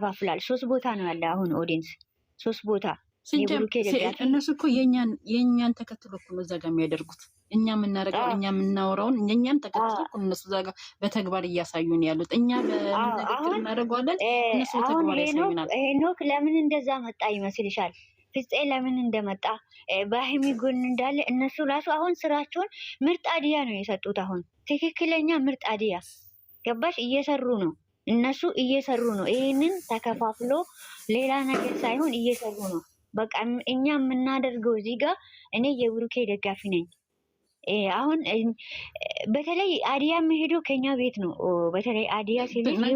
ያከፋፍላል። ሶስት ቦታ ነው ያለ አሁን ኦዲንስ ሶስት ቦታ እነሱ እኮ የእኛን ተከትሎ እኮ ነው እዛ ጋ የሚያደርጉት። እኛ የምናደርገው እኛ የምናወራውን እኛን ተከትሎ እኮ እነሱ እዛ ጋ በተግባር እያሳዩን ያሉት። እኛ በንግግር እናደርገዋለን፣ እነሱ በተግባር ያሳዩናል። ሄኖክ ለምን እንደዛ መጣ ይመስልሻል? ፍፄ ለምን እንደመጣ በሀይሚ ጎን እንዳለ እነሱ ራሱ አሁን ስራቸውን ምርጥ አድያ ነው የሰጡት። አሁን ትክክለኛ ምርጥ አድያ ገባሽ? እየሰሩ ነው እነሱ እየሰሩ ነው። ይህንን ተከፋፍሎ ሌላ ነገር ሳይሆን እየሰሩ ነው። በቃ እኛ የምናደርገው እዚህ ጋር እኔ የብሩኬ ደጋፊ ነኝ። አሁን በተለይ አዲያ የምሄደው ከኛ ቤት ነው። በተለይ አዲያ ሲል የሆነ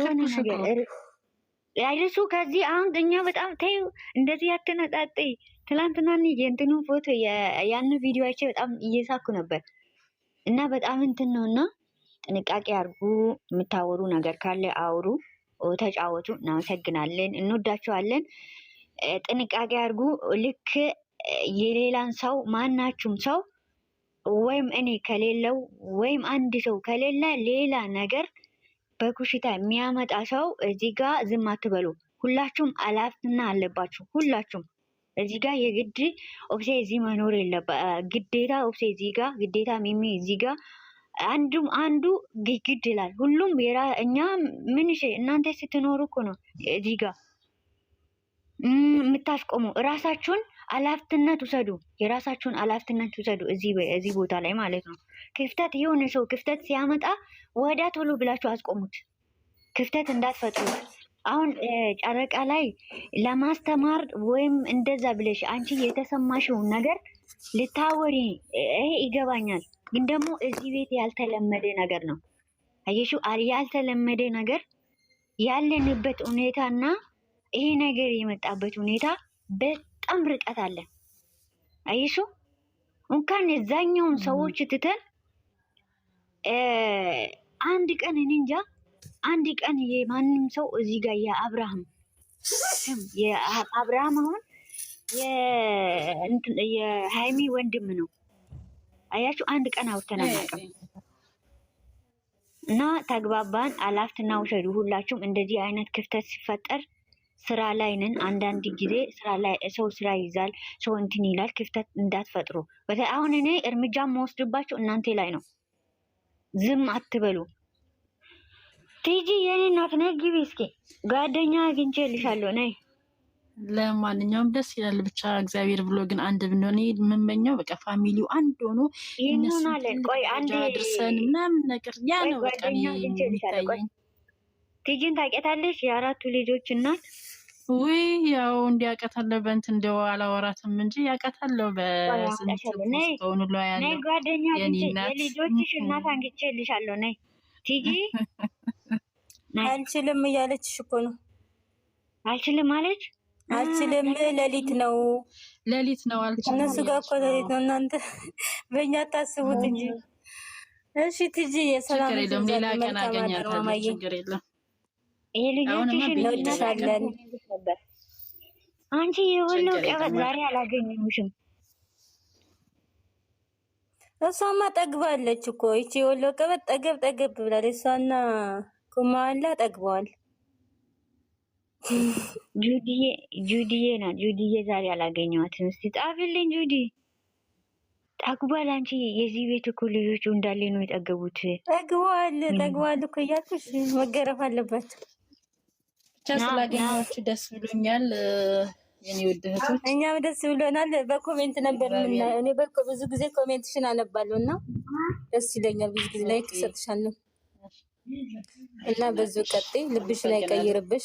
ከዚህ አሁን እኛ በጣም ተይ እንደዚህ ያተነጣጤ ትላንትና የእንትኑ ፎቶ ያን ቪዲዮቸው በጣም እየሳኩ ነበር እና በጣም እንትን ነው እና ጥንቃቄ አድርጉ። የምታወሩ ነገር ካለ አውሩ፣ ተጫወቱ። እናመሰግናለን፣ እንወዳችኋለን። ጥንቃቄ አድርጉ። ልክ የሌላን ሰው ማናችሁም ሰው ወይም እኔ ከሌለው ወይም አንድ ሰው ከሌለ ሌላ ነገር በኩሽታ የሚያመጣ ሰው እዚህ ጋ ዝም አትበሉ። ሁላችሁም አላፍትና አለባችሁ። ሁላችሁም እዚህ ጋ የግድ ኦፍሴ እዚህ መኖር የለባ ግዴታ ኦፍሴ እዚህ ጋ ግዴታ ሚሚ እዚህ ጋ አንዱም አንዱ ግግድ ይላል። ሁሉም እኛ ምን እናንተ ስትኖሩ እኮ ነው እዚህ ጋር የምታስቆሙ። ራሳችሁን አላፍትነት ውሰዱ፣ የራሳችሁን አላፍትነት ውሰዱ። እዚህ ቦታ ላይ ማለት ነው። ክፍተት የሆነ ሰው ክፍተት ሲያመጣ ወዳ ቶሎ ብላችሁ አስቆሙት፣ ክፍተት እንዳትፈጥሩት። አሁን ጨረቃ ላይ ለማስተማር ወይም እንደዛ ብለሽ አንቺ የተሰማሽውን ነገር ልታወሪ ይሄ ይገባኛል ግን ደግሞ እዚህ ቤት ያልተለመደ ነገር ነው። አየሹ ያልተለመደ ነገር ያለንበት ሁኔታ እና ይሄ ነገር የመጣበት ሁኔታ በጣም ርቀት አለ። አየሹ እንኳን የዛኛውን ሰዎች ትተን አንድ ቀን እንንጃ አንድ ቀን የማንም ሰው እዚህ ጋር የአብርሃም የአብርሃም አሁን የሀይሚ ወንድም ነው አያችሁ፣ አንድ ቀን አውርተን አናውቅም። እና ተግባባን። አላፍትና ውሰዱ። ሁላችሁም እንደዚህ አይነት ክፍተት ሲፈጠር ስራ ላይ ነን። አንዳንድ ጊዜ ስራ ላይ ሰው ስራ ይዛል፣ ሰው እንትን ይላል። ክፍተት እንዳትፈጥሩ። በተለይ አሁን እኔ እርምጃ መወስድባቸው እናንተ ላይ ነው። ዝም አትበሉ። ቲጂ የኔ እናት ነይ ግቢ እስኪ ጓደኛ አግኝቼልሻለሁ ነይ ለማንኛውም ደስ ይላል። ብቻ እግዚአብሔር ብሎ ግን አንድ ብንሆን የምመኘው በቃ ፋሚሊው አንድ ሆኖ ድርሰን ምናምን ነገር ያ ነው በቃ የሚታየኝ። ቲጂን ታውቂያታለሽ? የአራቱ ልጆች እናት ውይ ያው እንዲያውቃታለሁ በእንትን እንደው አላወራትም እንጂ ያውቃታለሁ። በስንትሆኑ ሆኑ ለ ያለው ጓደኛ የልጆችሽ እናት አንግቼልሻለሁ። ነይ ቲጂ አልችልም እያለችሽ እኮ ነው። አልችልም አለች አልችልም። ሌሊት ነው ሌሊት ነው አልችልም። እነሱ ጋር እኮ ሌሊት ነው። እናንተ በእኛ ታስቡት እንጂ። እሺ ትጂ የሰላም ሌላ ቀን አገኛለሁ። ችግር የለም። ይሄ እንወድሻለን። አንቺ የሆነ ዛሬ አላገኘሁሽም። እሷማ ጠግባለች እኮ ይቺ የወሎ ቀበጥ ጠገብ ጠገብ ብላለች። እሷና ኩማላ ጠግበዋል። ጁዲዬ ጁዲዬ ናት። ጁዲዬ ዛሬ አላገኘኋትም። እስቲ ጻፍልኝ ጁዲ። ጠግቧል። አንቺ የዚህ ቤት እኮ ልጆቹ እንዳለ ነው የጠገቡት። ጠግቧል፣ ጠግቧል እኮ እያልኩሽ መገረፍ አለበት። ብቻ ስላገኘኋችሁ ደስ ብሎኛል። እኛም ደስ ብሎናል። በኮሜንት ነበር እኔ በልኮ ብዙ ጊዜ ኮሜንትሽን አነባለሁ እና ደስ ይለኛል። ብዙ ጊዜ ላይክ እና ቀጤ ልብሽን አይቀይርብሽ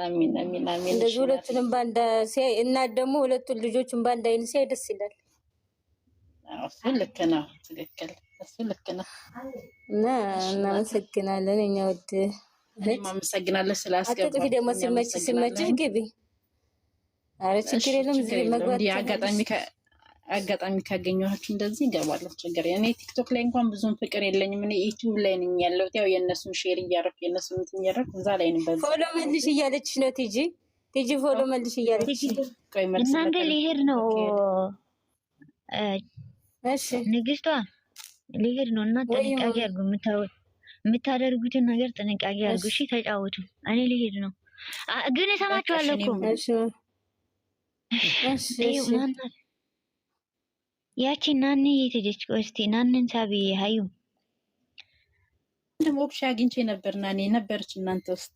አሚን አሚን እንደዚህ ሁለቱንም ሲያይ እና ደግሞ ሁለቱን ልጆችን ባንዳ አይን ሲያይ ደስ ይላል። እሱ ልክ ነው፣ ትክክል። እሱ ልክ ነው። እና እናመሰግናለን እኛ ውድ ደግሞ ሲመችሽ ሲመችሽ ግቢ። ኧረ ችግር የለም እዚህ መግባት አጋጣሚ አጋጣሚ ካገኘኋችሁ እንደዚህ ይገባለሁ። ችግር እኔ ቲክቶክ ላይ እንኳን ብዙም ፍቅር የለኝም። እኔ ዩቲዩብ ላይ ነኝ ያለሁት። ያው የእነሱን ሼር እያረኩ የእነሱን እንትን እያረኩ እዛ ላይ ነው። ፎሎ መልሽ እያለች ነው ቲጂ ቲጂ ፎሎ መልሽ እያለች እናንተ ሊሄድ ነው። ንግስቷ ሊሄድ ነው እና ጥንቃቄ አርጉ። የምታደርጉትን ነገር ጥንቃቄ አርጉ። እሺ ተጫወቱ። እኔ ሊሄድ ነው ግን እሰማችኋለሁ እኮ ያቺ ናን እየተጀች እስቲ ናንን ሳቢ ሀዩ ደግሞ ኦፕሻ አግኝቼ ነበር። ናኔ ነበረች እናንተ ውስጥ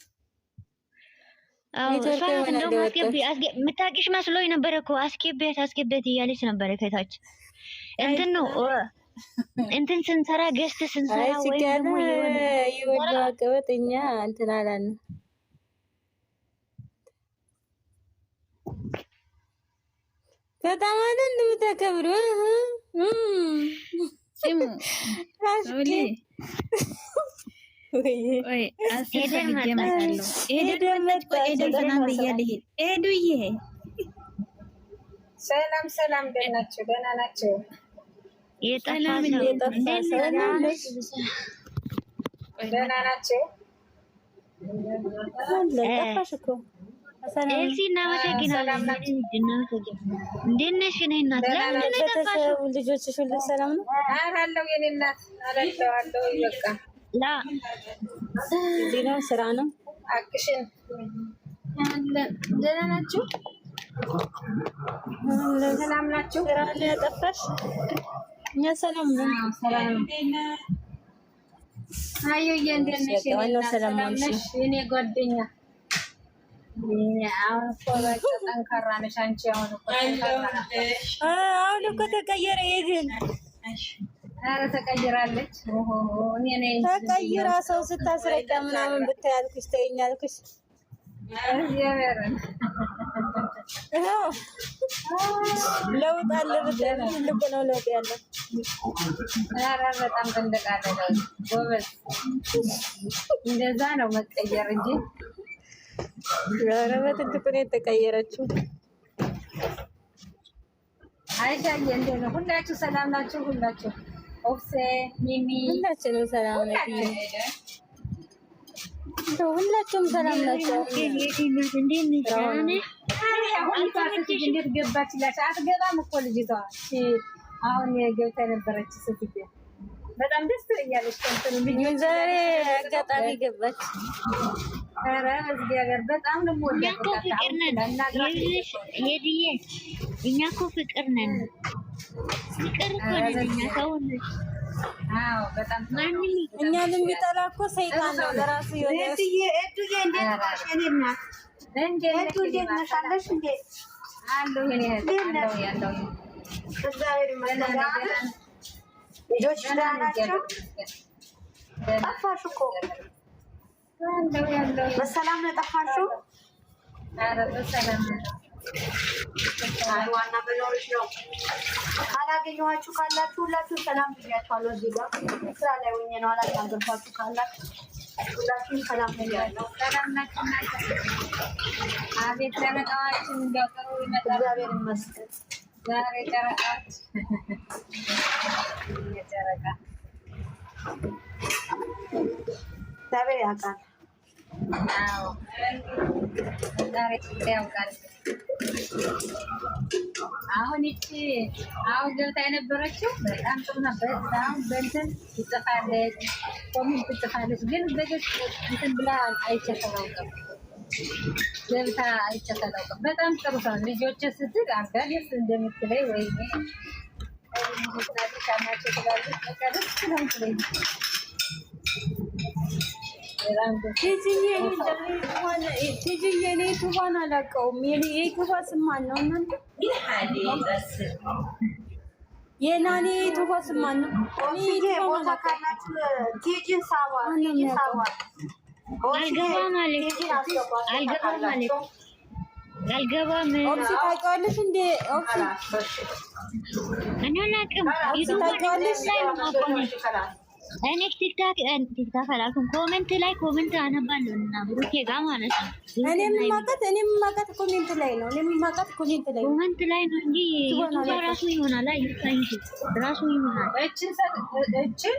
ምታቂሽ መስሎኝ ነበረ እኮ አስኬቤት አስኬቤት እያለች ነበረ። ከታች እንትን ነው እንትን ስንሰራ ገስት ስንሰራ ወይ ደግሞ ይወደዋቀበት እኛ እንትን አላልን በጣም አንድ የምታከብሩ ሰላም ሰላም፣ ደህና ናቸው ደህና ናቸው። ደህና ናቸው። ኤልሲ እናመሰግናለን። እንዴት ነሽ? እኔ እናት ልጆችሽ ሁሉ ሰላም ነው አለው። የኔ እናት አለው። በቃ ላ እዚህ ነው ስራ ነው አቅሽን ደህና ናችሁ? ሰላም ናችሁ? ስራ ነው ያጠፋሽ? እኛ ሰላም ነው አየሁ። እንዴት ነሽ? ሰላም ነሽ? የኔ ጓደኛ አሁን እኮ ተቀየረ። የግን ተቀይራለች። ተቀይራ ሰው ስታስረጫ ምናምን ብታይ አልኩሽ፣ ለውጥ አለ ብታይ ልብ ነው ለውጥ ያለው። ኧረ በጣም ጥንደቃለ ጎበዝ። እንደዛ ነው መቀየር እንጂ ኧረ በትልቁ ነው የተቀየረችው። አይሻዬ እንዴት ነው? ሁላችሁ ሰላም ናችሁ? ሁላችሁ ኦፍሴ፣ ሚሚ፣ ሁላችንም ሰላም ናችሁ? ሁላችሁም ሰላም ናችሁ? እንዴት ገባችላችሁ? አትገባም እኮ ልጅቷ አሁን ገብታ የነበረች ሴትዮ በጣም ደስ ትለኛለች። ዛሬ አጋጣሚ ገባች። ኧረ በእግዚአብሔር በጣም ነው የምወዳት። ፍቅር ነን ሄድዬ፣ እኛ እኮ ፍቅር ነን። ፍቅር እኮ ነን እኛ ሰው እኛን የሚጠላ እኮ ሰይጣን ነው። ለራሱ ሆነ ልጆች ናቸው። ጠፋሽ እኮ በሰላም ነው ጠፋሽው። ዋና መኖርሽ ነው። ካላገኘኋችሁ ካላችሁ ሁላችሁ ሰላም ብያችኋለሁ። እዚህ ጋር ስራ ላይ ሆኜ ነው አላናገርኳችሁ። ካላችሁ ሁላችሁም ሰላም ብያለሁ። እግዚአብሔር ይመስገን። Dari cara Ini cara kak. Iya, Tapi ya kak. Tahu. Dari cara kak. Aku nih sih, aku jual tanah beracun, berang tuh nabe, tang bensin, kita kalah, komik kita kalah, segini bagus, bensin belang, aja kalau ገብታ አይቻታላውቅም። በጣም ጥሩ ሰው ልጆች ስትል አጋዴስ እንደምትለይ ወይ ትጅዬ እኔ ቱባን አላውቀውም። የቱባ ስም ማነው እናንተ? የናኔ ቱባ ስም ማነው? አልገባም አልገባም አልገባም ኮሜንት ላይ ኮሜንት አነባለሁ እና ብሩኬ ጋር ማለት ነው። እኔ የማውቃት እኔ የማውቃት ኮሜንት ላይ ነው። እኔ የማውቃት ኮሜንት ላይ ኮሜንት ላይ ነው እንጂ ራሱ ይሆናል። አይ ራሱ ይሆናል እችን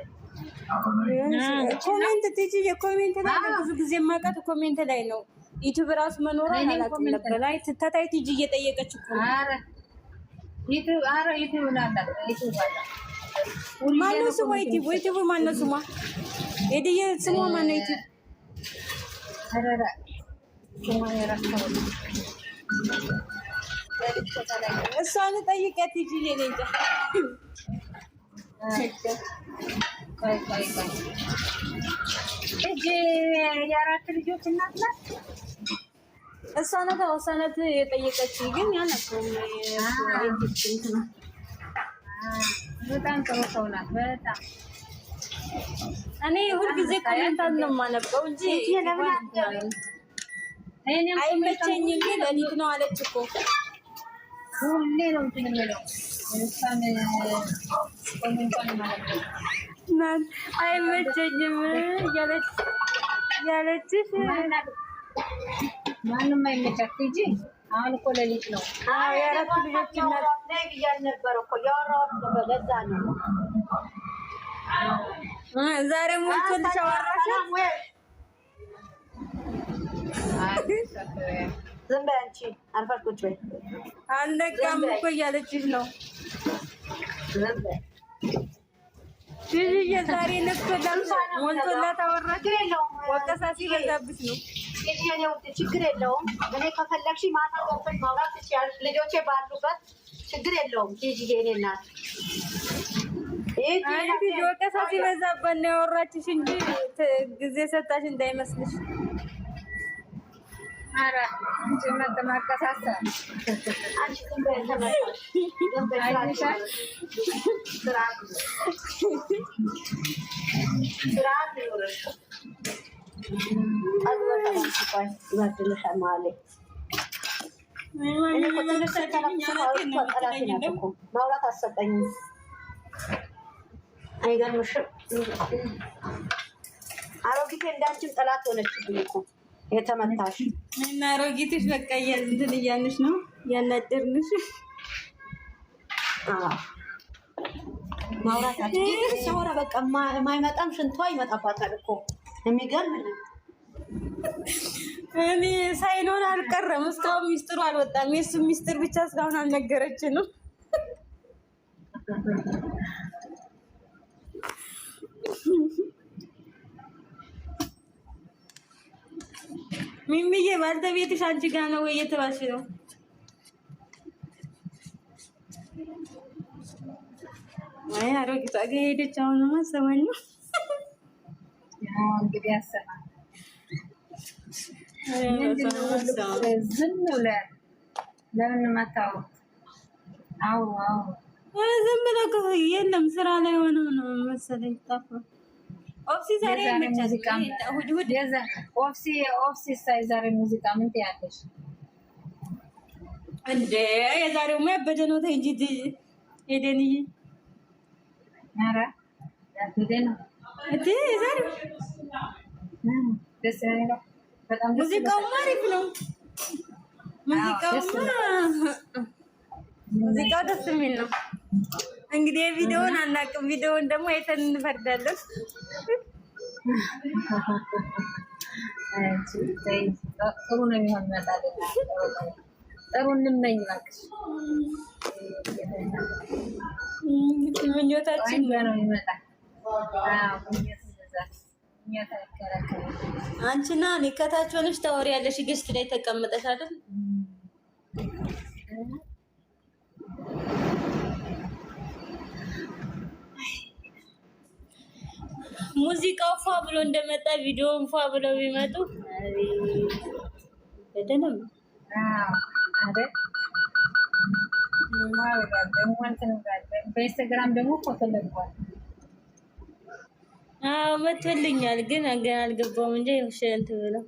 ኮሜንት ትጂ የኮሜንት ላይ ብዙ ጊዜ ማውቃት ኮሜንት ላይ ነው። ዩቲዩብ ራሱ መኖር አላውቅም ነበር። ላይ ትታታይ ትጂ እየጠየቀች እኮ ማነው ስሟ? ዩቲዩብ ዩቲዩብ ማነው ስሟ? ኤድዬ ስሟ ማነው? ዩቲዩብ እሷን ጠይቀት ትጂ ሌ እንጃ ልጅ የአራት ልጆች እናት ናት። እሷ ናት እሷ ናት የጠየቀችኝ፣ ግን በጣም ጥሩ ሰው ናት። በጣም እኔ ሁልጊዜ ኮሜንታት ነው የማነበው እንጂ አይመቸኝም። ግን እኒት ነው አለች እኮ ሁሌ ነው እንትን የሚለው እሷን ኮሜንቷን ማነበው ናን አይመቸኝም እያለች እያለችሽ ማንም አይመቻት እንጂ አሁን እኮ ሌሊት ነው። አዎ የአራት ልጆች እናት ብያል ነበር እኮ ያወራሁት ነበር። ነው ዛሬ ሞልቶልሽ አወራሽ። ዝም በይ አንቺ አርፈሽ ቁጭ በይ። አልነቃም እኮ እያለችሽ ነው። ዝም በይ ሽሽዬ ዛሬ ነፍቶ ለምሶ ሞልቶላት አወራች። ወቀሳ ሲበዛብሽ ነው። ችግር የለውም። እኔ ከፈለግሽ ማታ ገብተሽ ማውራት ትችያለሽ። ልጆቼ ባሉበት ችግር የለውም። ሽሽዬ እኔ እናት ወቀሳ ሲበዛበት ነው ያወራችሽ እንጂ ጊዜ ሰጣሽ እንዳይመስልሽ። ማውራት አሰጠኝ። አይገርምሽም? አሮጊቴ እንዳንቺም ጠላት ሆነችብኝ እኮ የተመታሽ እና ሮጊትሽ በቃ እንትን እያንሽ ነው ያናደርንሽ። ማውራት ሰውራ በቃ የማይመጣም ሽንቶ ይመጣባታል እኮ የሚገርም እኔ ሳይኖር አልቀረም። እስካሁን ሚስጥሩ አልወጣም። የሱ ሚስጥር ብቻ እስካሁን አልነገረችንም። ሚሚዬ ባልተቤትሽ አንቺ ጋ ነው ወይ እየተባልሽ ነው? አይ አሮጊቷ ጋ ሄደች። አሁንማ ሰማኝ ነው እንግዲህ ያሰማ ዝም ብለህ የለም ስራ ላይ ሆነው ነው መሰለኝ ጠፋ። ኦፍሲ ዛሬ ሙዚቃ ኦፍሲ ኦፍሲ ሳይ ዛሬ ሙዚቃ ምን ትያለሽ እንዴ? የዛሬው ያበደ ነው። ተይ እንጂ ሄደንይ ኧረ ያበደ ነው እንዴ የዛሬው ሙዚቃውማ አሪፍ ነው። ሙዚቃውማ ሙዚቃው ደስ የሚል ነው። እንግዲህ ቪዲዮውን አናውቅም። ቪዲዮውን ደግሞ አይተን እንፈርዳለን። ጥሩ ነው የሚሆን ይመጣል። ጥሩ እንመኝ እባክሽ። ምኞታችን ነው ይመጣል። አንቺና እኔ ከታች ሆነሽ ታወሪያለሽ። ግስት ላይ ተቀምጠሽ ሙዚቃው ፏ ብሎ እንደመጣ ቪዲዮውን ፏ ብለው ቢመጡ በደንብ በኢንስታግራም ደግሞ ፎቶ ለቋል። አዎ መቶልኛል፣ ግን ገና አልገባውም እንጂ ሸንት ብለው ነው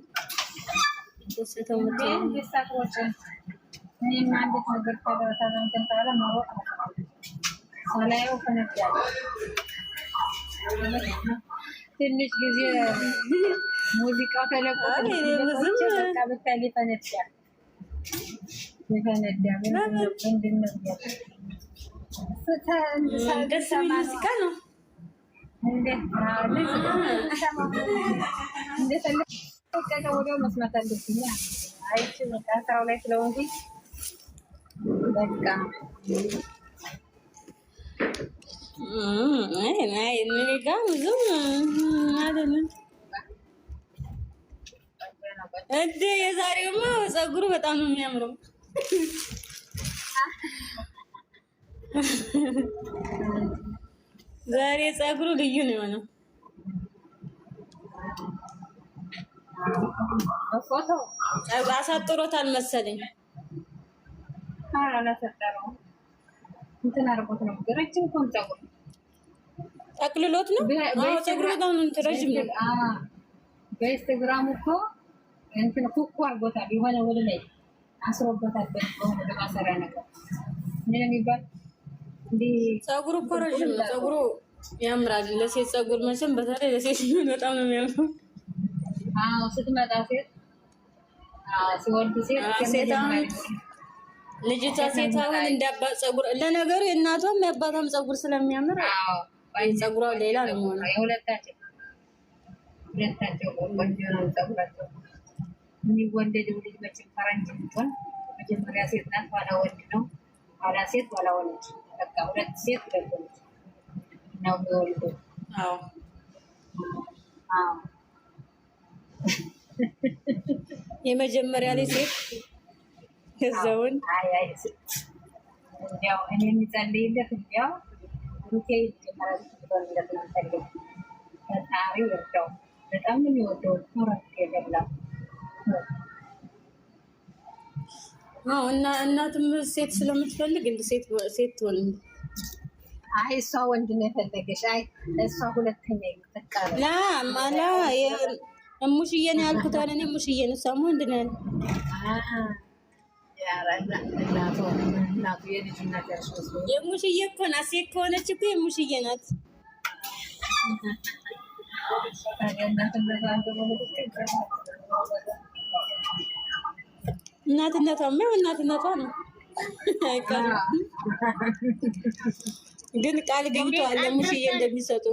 ትንሽ ጊዜ ሙዚቃ ተለቆ ብታይ ፈነዳ ሙዚቃ ነው። እኔ ጋ አይደለም። እንደ የዛሬውማ ፀጉሩ በጣም ነው የሚያምረው። ዛሬ ፀጉሩ ልዩ ነው የሆነው። አሳጥሮታል መሰለኝ። እንትን አድርጎት ነው። ረጅም እኮ ነው ፀጉር ጠቅልሎት ነው ፀጉር በጣም ረጅም ነው። በኢንስታግራም እኮ እንትን ኩኩ አድርጎታል። የሆነ ወደ ላይ አስሮበታል። በሆነ በማሰሪያ ነገር ምን የሚባል ፀጉር እኮ ረጅም ነው። ፀጉሩ ያምራል። ለሴት ፀጉር መቼም በተለይ ለሴት ሲሆን በጣም ነው የሚያምረው። ስትመጣ ሴት ሲወልድ ሴት ሴት ልጅቷ ሴት አሁን እንዳባት ፀጉር ለነገሩ የእናቷም የአባቷም ፀጉር ስለሚያምር ፀጉሯ ሌላ ነው የሚሆነው። ልጅ መቼም ፈረንጅ መጀመሪያ ሴት ናት፣ ኋላ ወንድ ነው፣ ኋላ ሴት፣ ኋላ ወንድ። በቃ ሁለት ሴት ሁለት ወንድ ነው የመጀመሪያ ላይ ሴት የዛውን እንዲያው እኔ የሚጸልይለት እና እናትም ሴት ስለምትፈልግ እንደ ሴት ትሆን። አይ እሷ ወንድ ነው የፈለገሽ። አይ እሷ ሁለተኛ ማላ እሙሽዬን ያልኩታል እኔ እሙሽዬን፣ እሷም ወንድ ነን የሙሽዬ እኮ ናት። ሴት ከሆነች እኮ የሙሽዬ ናት። እናትነቷ ያው እናትነቷ ነው። ግን ቃል ገብተዋል ለሙሽዬ እንደሚሰጡ